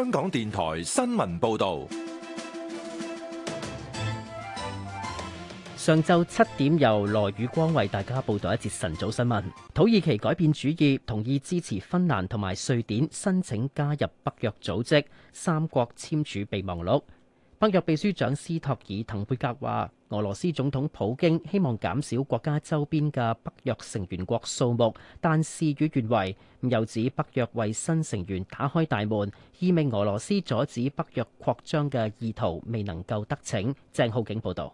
香港電台新聞報道，上晝七點由羅宇光為大家報道一節晨早新聞。土耳其改變主意，同意支持芬蘭同埋瑞典申請加入北約組織，三國簽署備忘錄。北約秘書長斯托爾滕貝格話：俄羅斯總統普京希望減少國家周邊嘅北約成員國數目，但事與願違。又指北約為新成員打開大門，意味俄羅斯阻止北約擴張嘅意圖未能夠得逞。鄭浩景報道。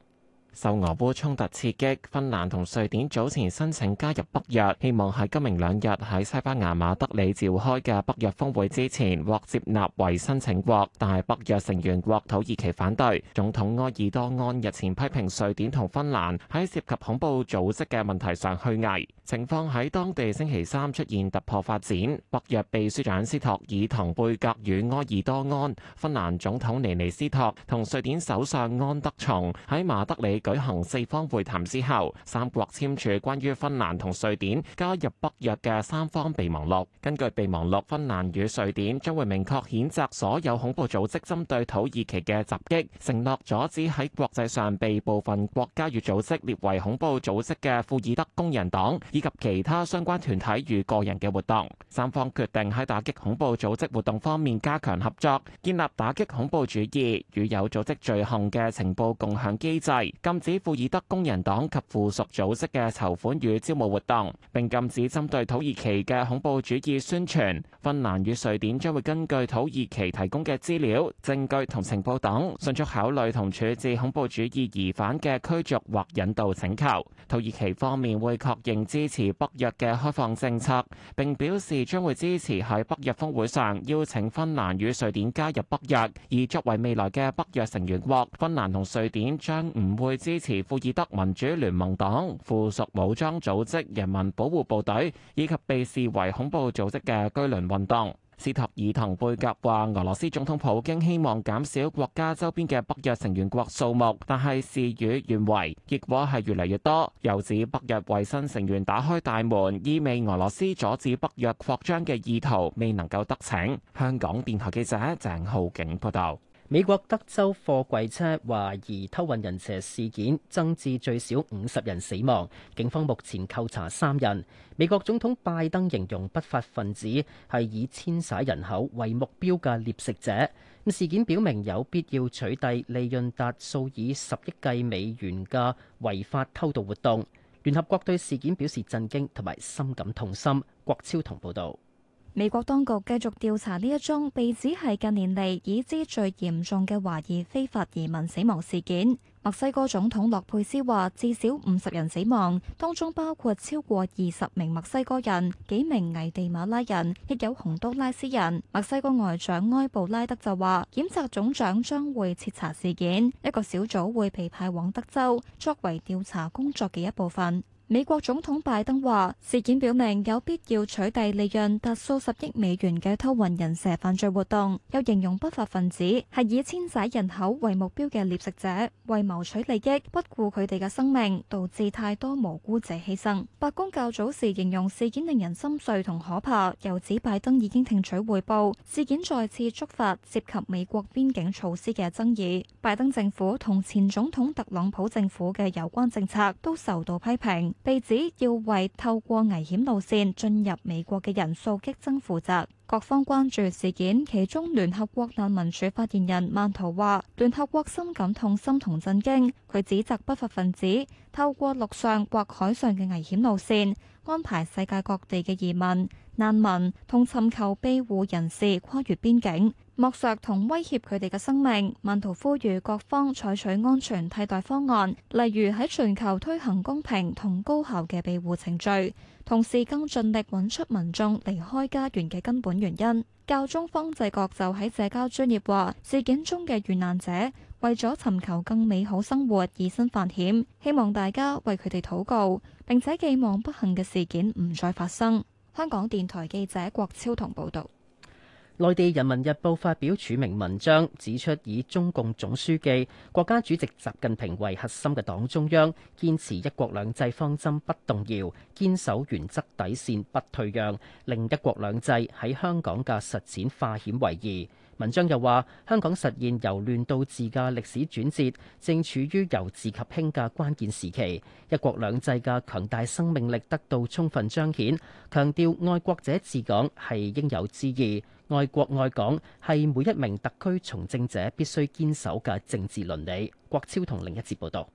受俄烏衝突刺激，芬蘭同瑞典早前申請加入北約，希望喺今明兩日喺西班牙馬德里召開嘅北約峰會之前獲接納為申請國，但係北約成員國土耳其反對。總統埃爾多安日前批評瑞典同芬蘭喺涉及恐怖組織嘅問題上虛偽。情況喺當地星期三出現突破發展。北約秘書長斯托爾滕貝格與埃爾多安、芬蘭總統尼尼斯托同瑞典首相安德松喺馬德里舉行四方會談之後，三國簽署關於芬蘭同瑞典加入北約嘅三方備忘錄。根據備忘錄，芬蘭與瑞典將會明確譴責所有恐怖組織針對土耳其嘅襲擊，承諾阻止喺國際上被部分國家與組織列為恐怖組織嘅庫爾德工人黨。以及其他相關團體與個人嘅活動，三方決定喺打擊恐怖組織活動方面加強合作，建立打擊恐怖主義與有組織罪行嘅情報共享機制，禁止庫爾德工人黨及附屬組織嘅籌款與招募活動，並禁止針對土耳其嘅恐怖主義宣傳。芬蘭與瑞典將會根據土耳其提供嘅資料、證據同情報等，迅速考慮同處置恐怖主義疑犯嘅驅逐或引渡請求。土耳其方面會確認之。支持北約嘅開放政策，並表示將會支持喺北約峰會上邀請芬蘭與瑞典加入北約，而作為未來嘅北約成員國。芬蘭同瑞典將唔會支持庫爾德民主聯盟黨附屬武裝組織人民保護部隊，以及被視為恐怖組織嘅居輪運動。斯托爾滕貝格話：俄羅斯總統普京希望減少國家周邊嘅北約成員國數目，但係事與願違，結果係越嚟越多。又指北約為新成員打開大門，意味俄羅斯阻止北約擴張嘅意圖未能夠得逞。香港電台記者鄭浩景報道。美國德州貨櫃車懷疑偷運人蛇事件增至最少五十人死亡，警方目前扣查三人。美國總統拜登形容不法分子係以遷徙人口為目標嘅獵食者。事件表明有必要取締利潤達數以十億計美元嘅違法偷渡活動。聯合國對事件表示震驚同埋深感痛心。國超同報道。美國當局繼續調查呢一宗被指係近年嚟已知最嚴重嘅華裔非法移民死亡事件。墨西哥總統洛佩斯話：至少五十人死亡，當中包括超過二十名墨西哥人、幾名危地馬拉人，亦有洪都拉斯人。墨西哥外長埃布拉德就話：檢察總長將會徹查事件，一個小組會被派往德州作為調查工作嘅一部分。美國總統拜登話事件表明有必要取締利潤達數十億美元嘅偷運人蛇犯罪活動，又形容不法分子係以遷徙人口為目標嘅獵食者，為謀取利益不顧佢哋嘅生命，導致太多無辜者犧牲。白宮較早時形容事件令人心碎同可怕，又指拜登已經聽取匯報。事件再次觸發涉及美國邊境措施嘅爭議，拜登政府同前總統特朗普政府嘅有關政策都受到批評。被指要為透過危險路線進入美國嘅人數激增負責，各方關注事件。其中，聯合國難民署發言人曼圖話，聯合國深感痛心同震驚。佢指責不法分子透過陸上或海上嘅危險路線，安排世界各地嘅移民、難民同尋求庇護人士跨越邊境。剝削同威脅佢哋嘅生命，萬途呼籲各方採取安全替代方案，例如喺全球推行公平同高效嘅庇護程序，同時更盡力揾出民眾離開家園嘅根本原因。教宗方濟各就喺社交專業話，事件中嘅遇難者為咗尋求更美好生活以身犯險，希望大家為佢哋禱告，並且寄望不幸嘅事件唔再發生。香港電台記者郭超彤報導。內地《人民日報》發表署名文章，指出以中共總書記、國家主席習近平為核心嘅黨中央，堅持一國兩制方針不動搖，堅守原則底線不退讓，令一國兩制喺香港嘅實踐化險為夷。文章又話，香港實現由亂到治嘅歷史轉折，正處於由治及興嘅關鍵時期，一國兩制嘅強大生命力得到充分彰顯。強調愛國者治港係應有之義。愛國愛港係每一名特區從政者必須堅守嘅政治倫理。郭超同另一節報導，《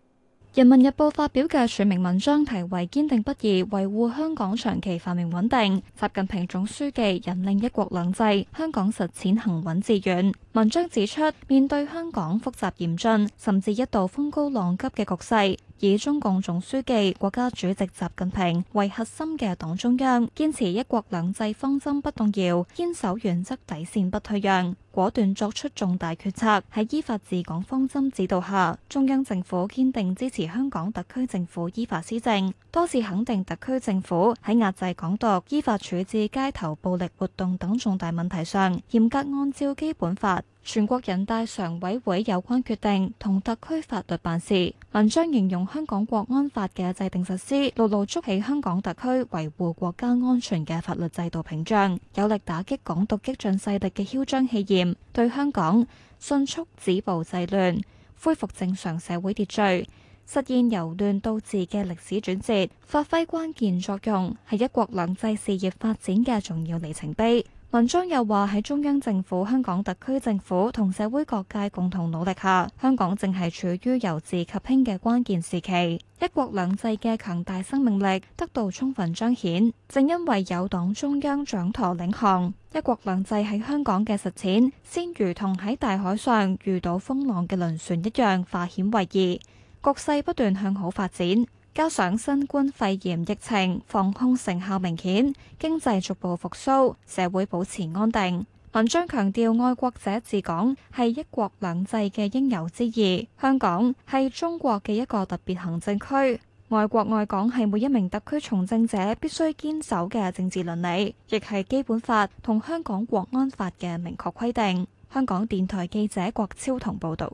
人民日報》發表嘅署名文章題為《堅定不移維護香港長期繁榮穩定》，習近平總書記引領一國兩制，香港實踐行穩致遠。文章指出，面對香港複雜嚴峻，甚至一度風高浪急嘅局勢。以中共總書記、國家主席習近平為核心嘅黨中央，堅持一國兩制方針不動搖，堅守原則底線不退讓。果斷作出重大決策，喺依法治港方針指導下，中央政府堅定支持香港特區政府依法施政，多次肯定特區政府喺壓制港獨、依法處置街頭暴力活動等重大問題上，嚴格按照基本法、全國人大常委會有關決定同特區法律辦事。文章形容香港國安法嘅制定實施，牢牢築起香港特區維護國家安全嘅法律制度屏障，有力打擊港獨激進勢，勢力嘅囂張氣焰。對香港迅速止暴制亂，恢復正常社會秩序，實現由亂到治嘅歷史轉折，發揮關鍵作用，係一國兩制事業發展嘅重要里程碑。文章又話喺中央政府、香港特區政府同社會各界共同努力下，香港正係處於由治及興嘅關鍵時期，一國兩制嘅強大生命力得到充分彰顯，正因為有黨中央掌舵領航，一國兩制喺香港嘅實踐先如同喺大海上遇到風浪嘅輪船一樣化險為夷，局勢不斷向好發展。加上新冠肺炎疫情防控成效明顯，經濟逐步復甦，社會保持安定。文章強調愛國者治港係一國兩制嘅應有之義。香港係中國嘅一個特別行政區，愛國愛港係每一名特區從政者必須堅守嘅政治倫理，亦係基本法同香港國安法嘅明確規定。香港電台記者郭超同報道。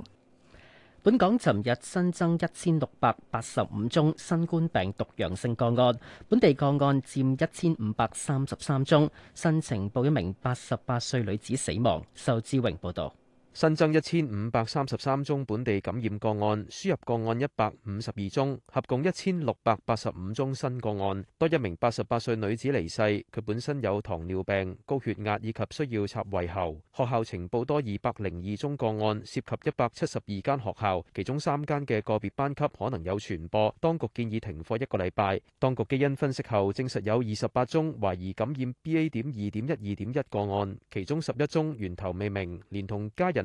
本港尋日新增一千六百八十五宗新冠病毒陽性個案，本地個案佔一千五百三十三宗。新呈報一名八十八歲女子死亡。仇志榮報道。新增一千五百三十三宗本地感染個案，輸入個案一百五十二宗，合共一千六百八十五宗新個案。多一名八十八歲女子離世，佢本身有糖尿病、高血壓以及需要插胃喉。學校情報多二百零二宗個案，涉及一百七十二間學校，其中三間嘅個別班級可能有傳播。當局建議停課一個禮拜。當局基因分析後證實有二十八宗懷疑感染 B A 點二點一二點一個案，其中十一宗源頭未明，連同家人。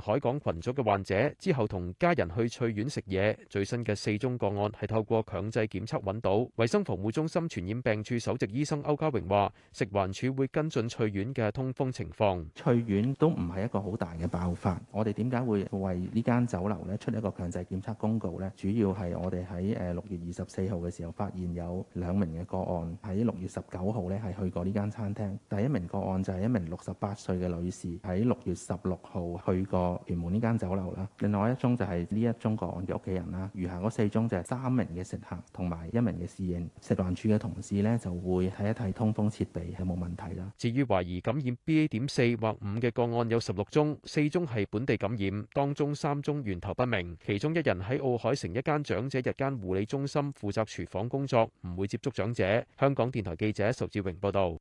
海港群組嘅患者之後同家人去翠苑食嘢，最新嘅四宗個案係透過強制檢測揾到。衞生防護中心傳染病處首席醫生歐嘉榮話：食環署會跟進翠苑嘅通風情況。翠苑都唔係一個好大嘅爆發。我哋點解會為呢間酒樓咧出一個強制檢測公告咧？主要係我哋喺誒六月二十四號嘅時候發現有兩名嘅個案喺六月十九號咧係去過呢間餐廳。第一名個案就係一名六十八歲嘅女士喺六月十六號去過。屯門呢間酒樓啦，另外一宗就係呢一宗個案嘅屋企人啦，餘下嗰四宗就係三名嘅食客同埋一名嘅侍應，食環署嘅同事呢就會睇一睇通風設備有冇問題啦。至於懷疑感染 B A. 點四或五嘅個案有十六宗，四宗係本地感染，當中三宗源頭不明，其中一人喺奧海城一間長者日間護理中心負責廚房工作，唔會接觸長者。香港電台記者仇志榮報道。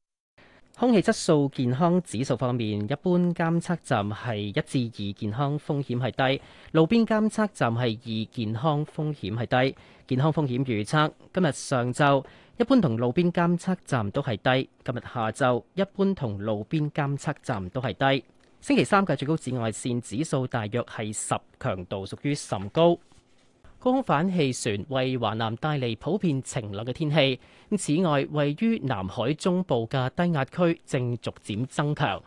空氣質素健康指數方面，一般監測站係一至二，健康風險係低，路邊監測站係二，健康風險係低。健康風險預測，今日上晝一般同路邊監測站都係低，今日下晝一般同路邊監測站都係低。星期三嘅最高紫外線指數大約係十，強度屬於甚高。高空反氣旋為華南帶嚟普遍晴朗嘅天氣。咁此外，位於南海中部嘅低壓區正逐漸增強。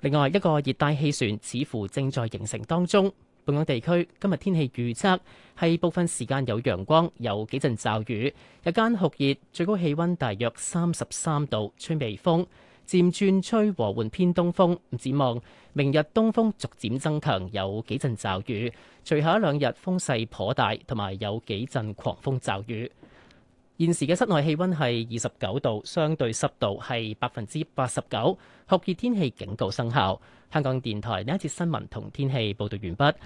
另外一個熱帶氣旋似乎正在形成當中。本港地區今日天氣預測係部分時間有陽光，有幾陣驟雨，日間酷熱，最高氣温大約三十三度，吹微風。漸轉吹和緩偏東風，展望明日東風逐漸增強，有幾陣驟雨。隨後一兩日風勢頗大，同埋有幾陣狂風驟雨。現時嘅室內氣温係二十九度，相對濕度係百分之八十九，酷熱天氣警告生效。香港電台呢一節新聞同天氣報道完畢。